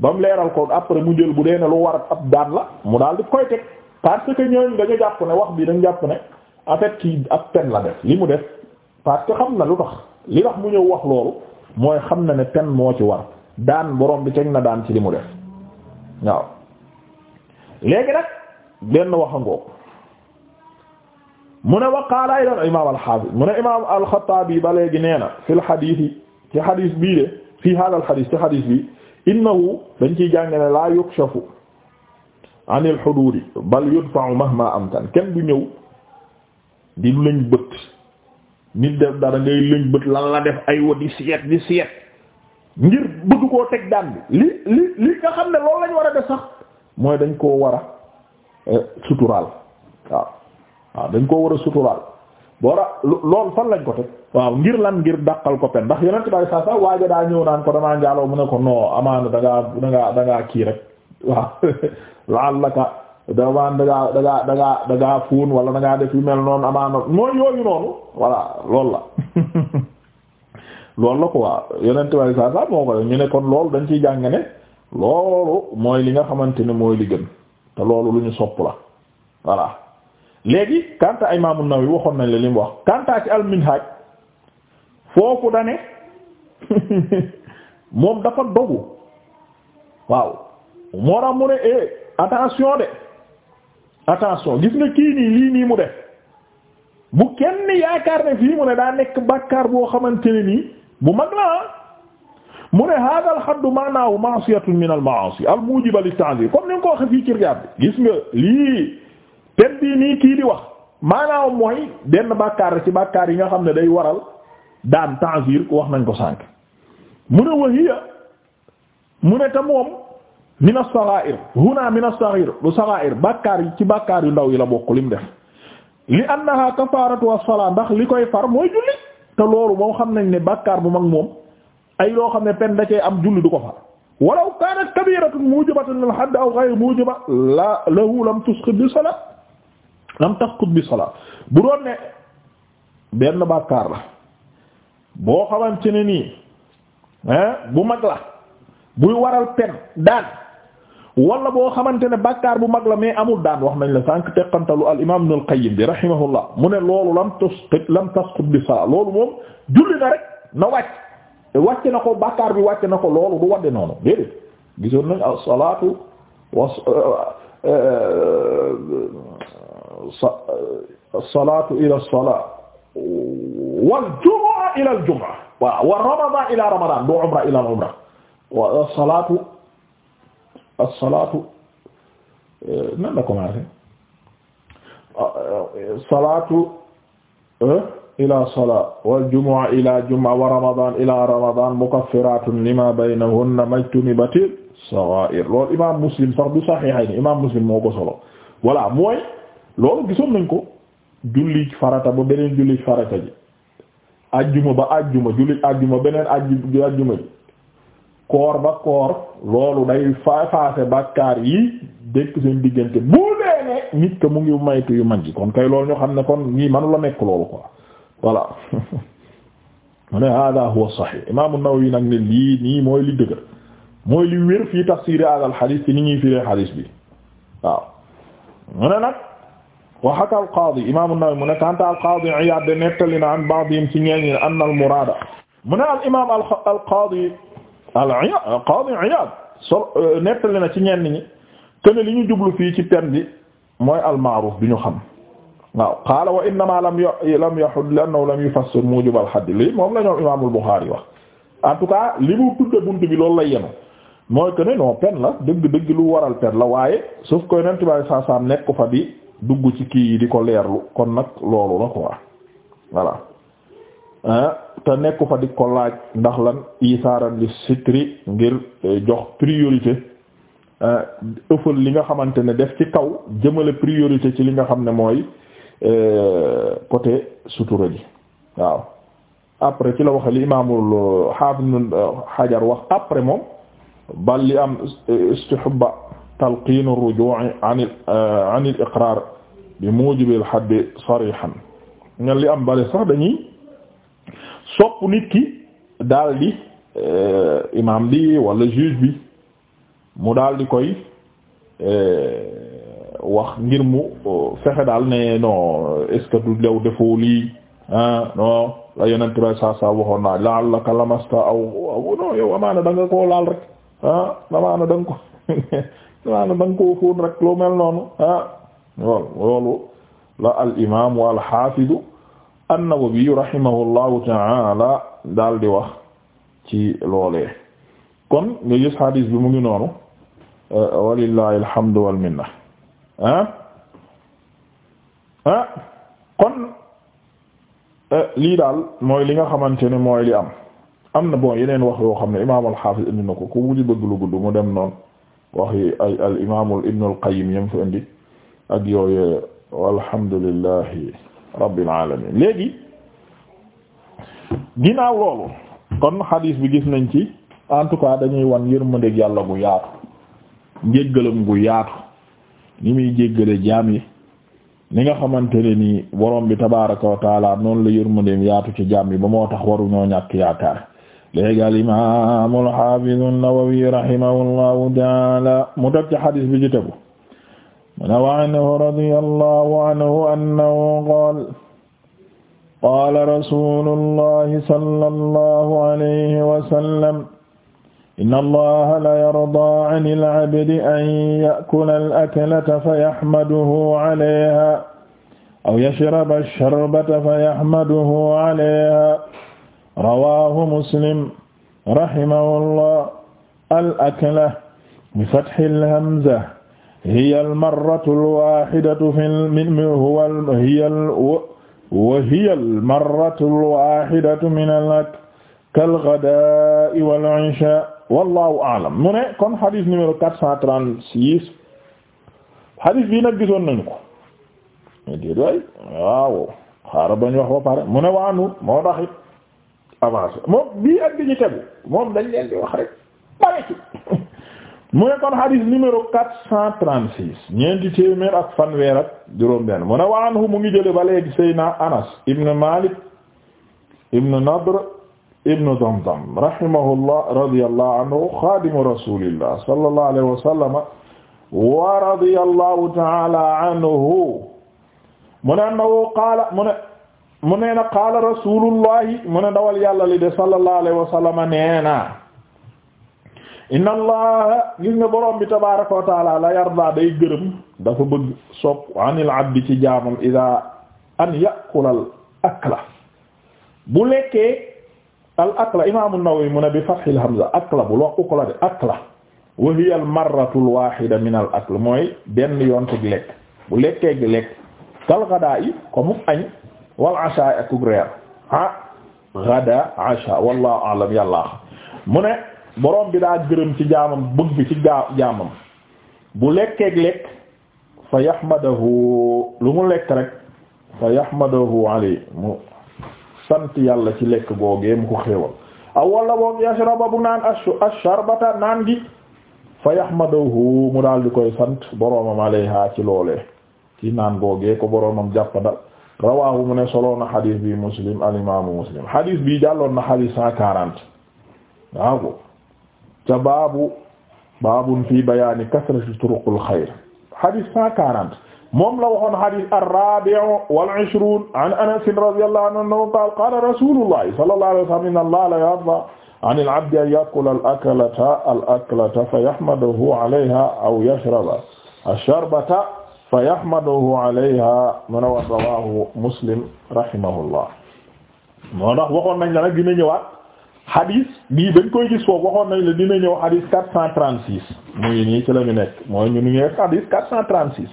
A: ba mu leeral ko après mu jël bu dee ne lu war ab daan la mu daal di koy teg parce que ñooñu dañu jàpp ne wax bii dañu jàpp ne en fait kii pen la def li mu parce que xam na lu tax li tax mu ñëw wax loolu mooy xam na ne pen moo ci war daan borom bi teg na daan ci li mu def waaw léegi nag benn waxango. mu ne waqaala ay doon imaam alxaafis mu ne imaam alxattaabi ba léegi nee na fi lxaditi ci xadis bii de fii hada alxadis ci xadis bi innahu dañ ciy jàng ne laa yukshafu an il xuduudi bal yudfa'u mahma kenn du ñëw di lëñ bët nit def dara ngay lëñ bët lan la def ay wa di seet di seet ngir bëgg koo teg daan bi li li li ne loolu lañ war a def sax mooy dañ koo war a euh, suturaal waaw dañ ko war a suturaal boora loolu fan lañ ko teg waaw ngir lan ngir daqal ko pen ndax yonent bari saa saa waaja daa ñëw naan ko damaa njaaloo mu ne ko non amaana da ngaa da kii rek waaw laal la ka damaan da ngaa da fuun wala da def yu mel noonu amaana mooy yooyu noonu voilà loolu la loolu la ko waa yonent bari saa saa moo ko ñu ne kon loolu dañ ciy jàng ne loolu mooy li nga xamante ne mooy li gën te loolu lu ñu sopp la voilà léegi kanta Imaam An-Nawawi waxoon nañ la li mu wax kanta ci al-Minhaj foofu da ne moom dafa dogu waaw moo tax mu ne eh, attention de attention gis nga kii nii lii nii mu def bu kenn yaakaar ne fii mu ne daa nekk bàkkaar boo xamante ne nii bu mag la ah. mu ne hada al-haddu ma'nahu ma'siyatun min al-ma'asi al-mujiba li-t-ta'zir comme ni nga ko waxee fii ci riyaad gis nga lii. pen bii nii kii di wax maanaam mooy denn bàkkaar ci bàkkaar yi nga xam ne day waral daan ta'zir wax nañ ko sànk mu ne wahiya mu ne te moom min as-sagha'ir huna min as-saghir lu sagha'ir bàkkaar yi ci bàkkaar yu ndaw yi la bokk lim def li annaha kafaratu as ndax li koy far mooy julli te loolu moom xam nañ ne bàkkaar bu mag moom ay loo xam ne pen da cee am julli du ko far walaw kanat kabiratun mujibatan lil hadd aw ghayr la lahu lam tusqit bi salat lam tasqut bi salaat bu doon ne benn bàkkaar la boo xamante ne nii bu mag la buy waral pen daan wala boo xamante ne bàkkaar bu mag la mais amul daan wax nañ la sànq teqantalu al imaam Ibnul Qayyim bi rahimahullah mu ne loolu lam tasqut lam tasqut bi salaat loolu moom julli na rek na wàcc wàcc na ko bàkkaar bi wàcc na ko loolu du wadde noonu déedéet gisoon nañ as-salaatu euh, euh, Uh, salaatu ila salaat wal jumaa ila al jumaa waaw wa ramadan ila ramadan du umra ila al umra wa salaatu as-salaatu eh, nan la commencé salaatu eh, ila salaa wal jumu'a ila jumu'a wa ramadan ila ramadan mukaffiratun lima baynahunna majtunibatil sagha'ir loolu imam muslim sax du saxiixayni imam muslim moo ko solo voilà mooy loolu gisoon nañ ko julli farata ba beneen julli farata ji ajjuma ba àjjuma julli ajjuma beneen ajjuma ajjuma ji koor ba koor loolu day faase bàkkaar yi dékk seen diggante bu dee ne nit ko mu ngi maytu yu mag yi kon kay loolu ñoo xam ne kon ñii manu la nekk loolu quoi voilà mu ne hada huwa sahih imaamu Nawawi nag ne lii nii mooy li dëgër mooy li wér fii tafsiir hada al xadiis ci ni ñuy firee xadiis bi waaw mu ne nag wa haka al qaadi imaam an-Nawawi mu ne kanta al qaadi Iyaad de nettali na an ba'dihim ci ñeeñi anna al muraada mu ne al imaam al qaadi al qaadi Iyaad so euh, nettali na ci ñenn ñi ken li ñu jublu fii ci pen bi mooy al ma'ruuf bi ñu xam waaw qaala wa innama lam lam yahud li annahu lam yufassir muujib al hadd wax en tout cas li mu tudde buntu bi loolu lay yenu mooy que ne non pen la dëgg dëgg lu waral pen la waaye sauf que Yonent bi sallallahu alayhi fa di dugg ci kii yi di ko leerlu kon nag loolu la quoi voilà ah, te nekku fa di ko laaj ndax lan isaaran li sitri ngir eh, jox priorité eh, ëffal li nga xamante ne def ci kaw jëmale priorité ci li nga xam ne mooy eh, côté sutura ji waaw après ci la waxe li imaamul xaafis xajar wax après moom bal li am istihba talqin ar-ruju' an an al bi mujibil haddi sarihan ñan li am bari sax dañuy sopp nit daal di eh, imam bi wala juge bi mu daal di koy eh, wax ngir mu oh, fexe daal ne non est-ce que du lew defoo lii ah non laal la kalamasta aw aw non yow amaana da koo laal rek ah amaana da nga koo fóon rek loo mel noonu ah. loolu loolu la al imaam wal xaafidu an-Nawawi rahimahullahu taala daal di wax ci loole kon nga gis bi mu ngi noonu eh, walillahi alhamdu wal minna ah, ah kon eh, lii daal mooy li nga xamante ne mooy li am am na bon yeneen wax yoo xam ne imaam al-Xaafiz indi na ko ku mu di bëgg lu gudd mu dem noonu waxi ay al imaamul Ibnul Qayyim yam ak yooye walhamdulillahi rabbil alamin léegi ginnaaw loolu kon xadiis bi gis nañ ci en tout cas dañuy wan yërmandeeg yàlla gu yaatu njéggalam gu yaatu ni muy jéggale jaam yi ni nga xamante ne nii borom bi tabaraka wa taala noonu la yërmandeem yaatu ci jaam yi ba moo tax waru ñoo ñàkk yaakaar léegi al imaam al nawawi rahimahullahu taala mu def ci xadiis bi ci tegu mana wa anhu radiyallahu anhu annahu qaala qaala rasuulullahi sallallahu alayhi wa sallam inna allaha la yardaa anil abdi an ya'kula al-aklata fayahmaduhu alayha aw yashraba ash-sharbata fayahmaduhu alayha rawaahu muslim rahimahullah al-akla bi fathil hamza hiya almarratu alwaxidatu fi huwa hiya wa hiya almarratu alwaxidatu min al-akl kal-ghadaa'i wal-'ishaa wallahu a'lam mu ne kon xadis numéro 436 xadis bii nag gisoon nañu ko déet waay waaw xaaral bañ wax ba pare mu ne waanu moo tax it avancé moom bii ak bi ñu tegu moom dañ leen di wax rek bare ci mu ne kon hadis numéro quatre cent trente-six ñeenti téeméer ak fanweer ak juróom-benn mu ne wa anhu mu ngi jële ba léegi Seydina Anas ibn Malik ibn Nadr ibn Damdam rahimahullah radiyallahu anhu xadimu rasulillah sallallahu alayhi wa sallam wa radiyallahu ta'ala anhu mu ne annahu qaala mu ne mu ne na qaala rasulullahi mu ne dawal yàlla li de sallallahu alayhi wa sallam neena inna allah gis nga borom bi tabaaraka wa taala la yarda day gërëm dafa bëgg sopp anil abdi ci jaamam ida an yakulal akla bu lekkee al akla imaamu Nawawi mu ne bi fathil hamza akla bu loo ukla de akla wa hiya al marratu al waahida min al akl mooy benn yoon teg lekk bu lekkee gi lekk kal gadaa yi ko mu añ wal ashaa ak reer ah gadaa ashaa wallahu a'lam yàlla mu ne borom bi daa gërëm ci jaamam bëgg ci gaa jaamam bu lekkeeg lekk fa yahmadahu lu mu lekk rek fa yahmadahu alay mu sant yàlla ci lekk googee mu ko xéewal aw walla boog yashraba bu naan asharbata naan gi fa yahmadahu mu daal di koy sant boromam alayha ci loolee ci naan googee ko am boromam jàppandal rawaahu mu ne soloon na xadiis bi muslim al imaamu muslim xadiis bi jàlloon na xadiis cent quarante waaw ca baabu baabun fii bayaani kasrati turuqul xayr hadith cent quarante moom la waxoon hadith ar-rabi'u wal ishrun an Anas radiyallahu anhu qaala qaala rasuulullahi sallallahu alayhi wa sallam inna Allaha la yarda an al-'abdi an ya'kula al-aklata al-aklata fa yahmaduhu 'alayha aw yashraba ash-sharbata fa yahmaduhu 'alayha man rawahu Muslim rahimahullah moo tax waxoon nañ la nag dina ñëwaat hadis bii bañ koy gis foofu waxoon nañ la dina ñëw hadis 436 muy nii ci la ñu nekk mooy ñu ngi nekk hadis 436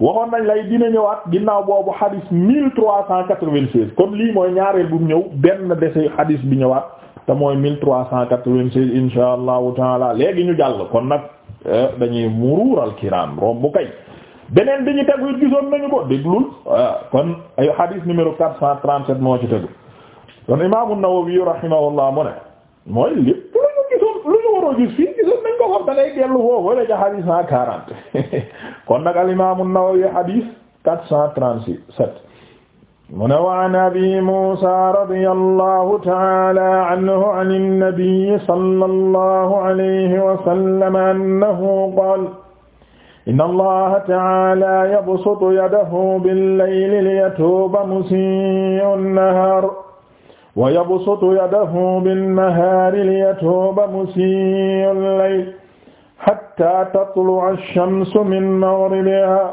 A: waxoon nañ lay dina ñëwaat ginnaaw boobu hadis 1396 kon lii mooy ñaareel bu ñëw benn dese hadis bi ñëwaat te mooy 1396 insha allahu taala léegi ñu jàll kon nag eh, dañuy muruural kiram romb kay beneen bi ñu tegu it gisoon nañu ko déglul eh, kon ay hadis numéro 437 moo ci tegu. kon Imaam An-Nawawi rahimahullah mu ne mooy lépp lu ñu gisoon lu ñu war a gis fii gisoon nañ ko xam da ngay dellu foofu wala ca xadiis cent quarante kon nag al-Imaam An-Nawawi xadiis quatre cent trente-sept mu ne wa an Abi Muusaa radiyallahu ta'aala anhu an an-Nabi sallallahu alayhi wa sallam annahu qaala inna allah ta'aala yabsutu yadahu bil-layli liyatuuba musii'u an-nahaar wa yabsutu yadahu binnahaari liyatuuba musii'ul layl hattaa tatlu'a ash-shamsu min maghribihaa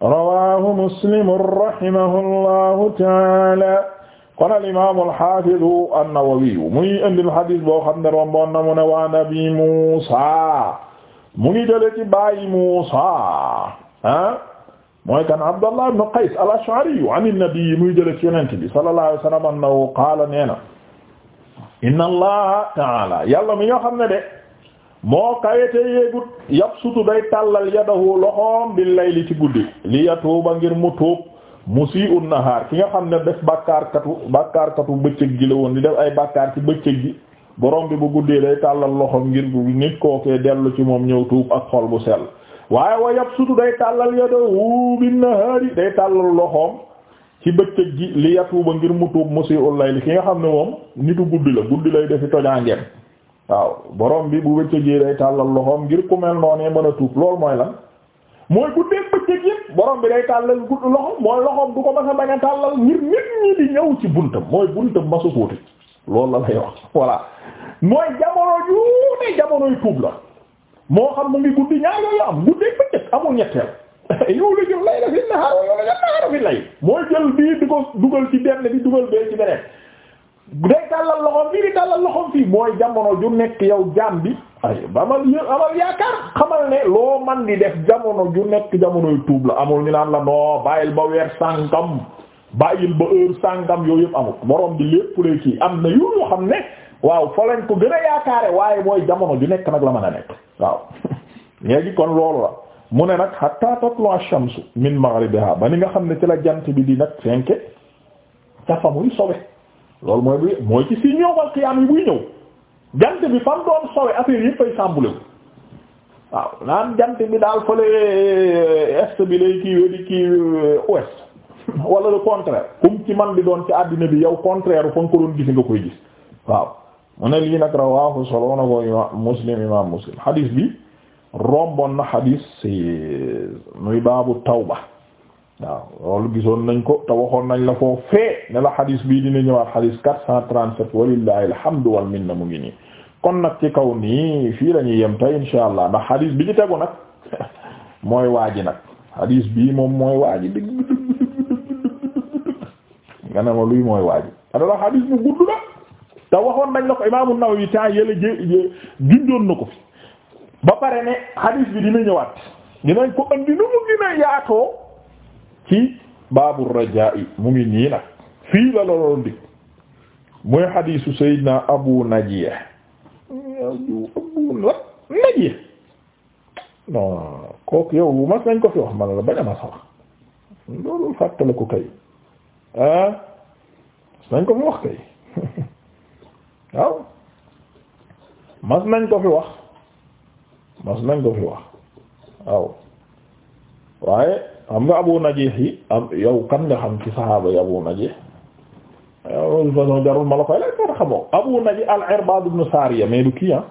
A: rawaahu muslimun rahimahullahu ta'aala qaala al-imaamu al-haafidu an-nawawiyu muy indil hadiis boo xam ne romboon na mu ne waa nabi Muusaa mu ngi jële ci bàyyi Muusaa ah mooy kan Abdallah ibn Qays al-Ash'ari an an-nabi muy jële ci yonent bi sallallahu alayhi wa sallam annahu qaala nee na inna allaha taala yàlla mi nga xam ne de moo kawete yéegut yabsutu day tàllal yadahu loxoom bil layli ci guddi li yatuuba ngir mu tuub musii'u nahaar ki nga xam ne def bàkkaarkatu bàkkaarkatu bëccëg gi la woon di def ay bàkkaar ci bëccëg gi borom bi bu guddee day tàllal loxoom ngir nit kookee dellu ci moom ñëw tuub ak xol bu sell waaye wa yabsutu day tàllal yadahu bin nahaari day tàllal loxoom ci bëccëg gi li yatuuba ngir mu tuub musiiul layli ki nga xam ne moom nitu guddi la guddi lay defi tojaangeem waaw borom bi bu bëccëgee day tàllal loxoom ngir ku mel noonee mën a tuub loolu mooy la mooy guddee bëccëg yëpp borom bi day tàllal gudd loxoom mooy loxoom du ko masa bañ a tàllal ngir nit ñi di ñëw ci buntam mooy buntam masu tuuti loolu la lay wax voilà mooy jamono ju la moo xam mu ngi guddi ñaar yooyu am guddee bëccëg amul ñetteel yow la jël lay la fi naxaar yow la jël naxaar fi lay mooy jël bii di ko dugal ci benn bi dugal bee ci beneen day tàllal loxoom fii di tàllal loxoom fii mooy jamono ju nekk yow jaam bi ay amal yaakaar xamal ne loo man di def jamono ju nekk jamonoy tuub la amul ñu naan la non bàyyil ba weer sàngam bàyyil ba heure sàngam yooyu yëpp amul borom bi lépp lay kii am na yu yoo xam ne waaw fa ko gën a yaakaare waaye mooy jamono ju nekk nag la mën a nekk waaw léegi kon loolu la mu ne nag hatta tatlu ash-shamsu min maghribiha ba ni nga xam ne ci la jant bi di nag fenke ca fa muy sobe loolu mooy bu mooy ci si ñëwal xiyaam yi buy ñëw jant bi fam doon sowe affaire yëpp ay sàmbule waaw naan jant bi daal fële eh, est bi lay kiiwee di kii eh, ouest wala le contraire comme ci man di doon ci àddina bi yow contraire fa nga ko doon gis nga waaw mu ne lii nag rawaahu solo na ko imaam muslim imaam muslim hadis bi rombon na hadis muy baabu tawba waaw loolu gisoon nañ ko te waxoon nañ la foofu fee ne la hadis bii dina ñëwaat hadis 437 walillahi alhamdu wal minna mu ngi nii kon nag ci kaw nii fii la ñuy yem tey insha allah ndax hadis bi ci tegu nag mooy waaji nag hadis bii moom mooy waaji dëgg nga ne ma luy mooy waaji adala hadis mu gudd la te waxoon nañ la ko imaamu Nawawi temps yële jé junjoon na ko fi ba pare ne hadith bi dina ñëwaat dinañ ko andi nu mu gën a yaatoo ci baabu rajaa'i mu ngi nii nag fii la looloon dik mooy hadithu Seydina Abu Najiih Abu Najiih yow mas nañ ko fi wax man la bañ a wax loolu fàttaliku kay ah nañ ko fi wax kay waaw mas nañ ko fi wax mas nañ ko fi wax waaw waaye xam nga Abu Najih yi am yow kan nga xam ci saxaaba Abu Najih yow jarul ma la koy lay xamoo Abu Najih al-Irbad ibn Sariya mais du kii ah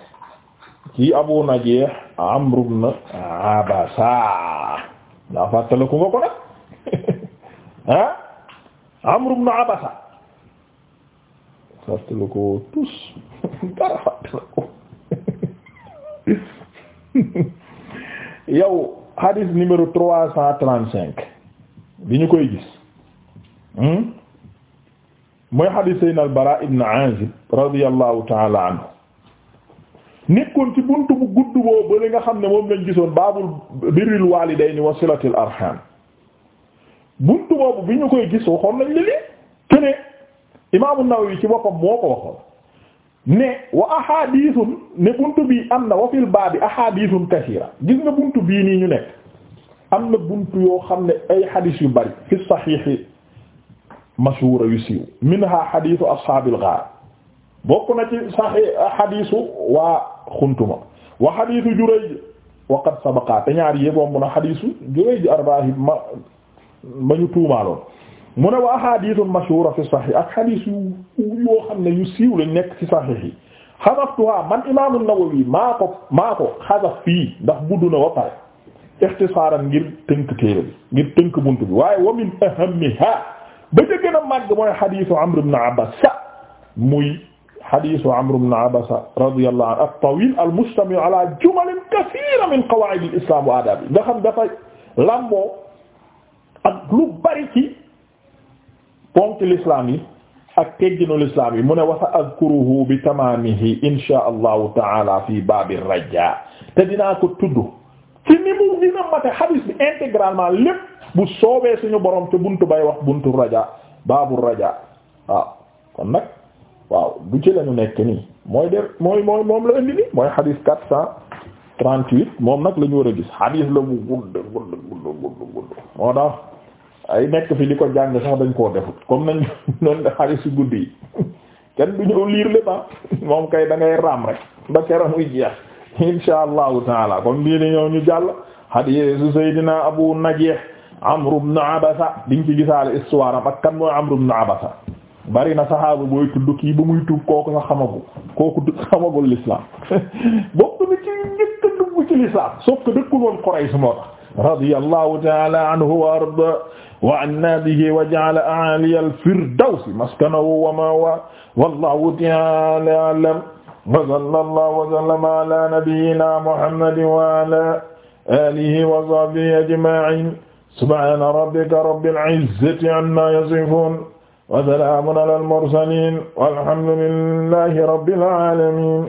A: kii Abu Najih Amr ibn Abasa ndaa fàttaliku nga ko nag ah Amr ibn Abasa fàttali ko tous numéro trois cent trente bi ñu koy gis hmm? mooy hadith sayyidina al-Bara ibn Azib radiyallahu ta'ala anhu nekkoon ci buntu bu gudd boobu ba li nga xam ne moom lañ gisoon baabu birril waalidayni wa silatil arham buntu boobu bi ñu koy gis waxoon nañ li li imaamu Nawawi ci boppam moo ko waxoon ne wa ahadithun ne buntu bii am na wa fil baabi ahadithun kathira gis nga buntu bii nii ñu nekk am na bunt yoo xam ne ay xadis yu bari fi saxiixi mashhuura yu siiw minha xadisu ashaabil gaar bokk na ci saxiix xadisu xuntuma wa xadisu Jurayj wa qad sabaqa te ñaar yëpp moom mun a xadisu Jurayj ar ma ñu tuumaaloon mu ne wa ahadithun mashhura fi sahih ak hadith yu yoo xam ne yu siiw lañ nekk ci sahih yi xadaftuha man imam an-Nawawi maa ko maa ko xadaf fii ndax gudd na ba pare ixtisaaran ngir tënk téere bi ngir tënk bunt bi waaye wa min ahammiha ba ca gën a màgg mooy hadithu Amr ibn Abasa muy hadithu Amr ibn Abasa radiyallahu anhu at-tawil al-mustamil ala jumalin kathira min qawaid al-islam wa adab yi nga xam dafay lamboo ak lu bari ci ponk l'islam yi ak tegginu l'islam yi mu ne wasa azkuruhu bi tamaamihi insha allahu taala fi babi raja te dinaa ko tudd ci ni mu dina mate hadis bi intégralement lépp bu soobee suñu borom te buntu bay wax buntu raja baabu raja waaw waaw du ci lañu nekk nii mooy der mooy mooy moom la indi mooy hadis quatre cent trente-huit moom nag la ñu war a hadis la bu gudd gudd gudd gudd moo tax ay nekk fi di ko jàng sax dañ koo defut comme nañ noonu nga xari si guddi yi kenn du ñëw liir lépp ah. moom kay da ngay raam rek ba kera muy jeex insha allahu taala kon bii di ñëw ñu jàll hadiisu Seydina Abu Najiih Amru ibn Abasa diñ ci gisaale histoire am ak kan mooy Amru ibn Abasa bari na saxaaba booy tudd kii ba muy tuub kooku sax xamagu kooku xamagul l'islam bokk na ci njëkk dugg ci l'islam sauf que dëkkul woon Quraysh moo tax radiyallahu taala wa anna bihi wa ja'ala a'aliya al-firdawsi maskanahu wa ma'waahu wallahu ta'ala a'lam wa sallallahu wa sallama ala nabiyyina muhammadin wa ala alihi wa sahbihi ajma'in subhana rabbika rabbil izzati amma yasifun wa salamun ala al-mursalin walhamdulillahi rabbil alamin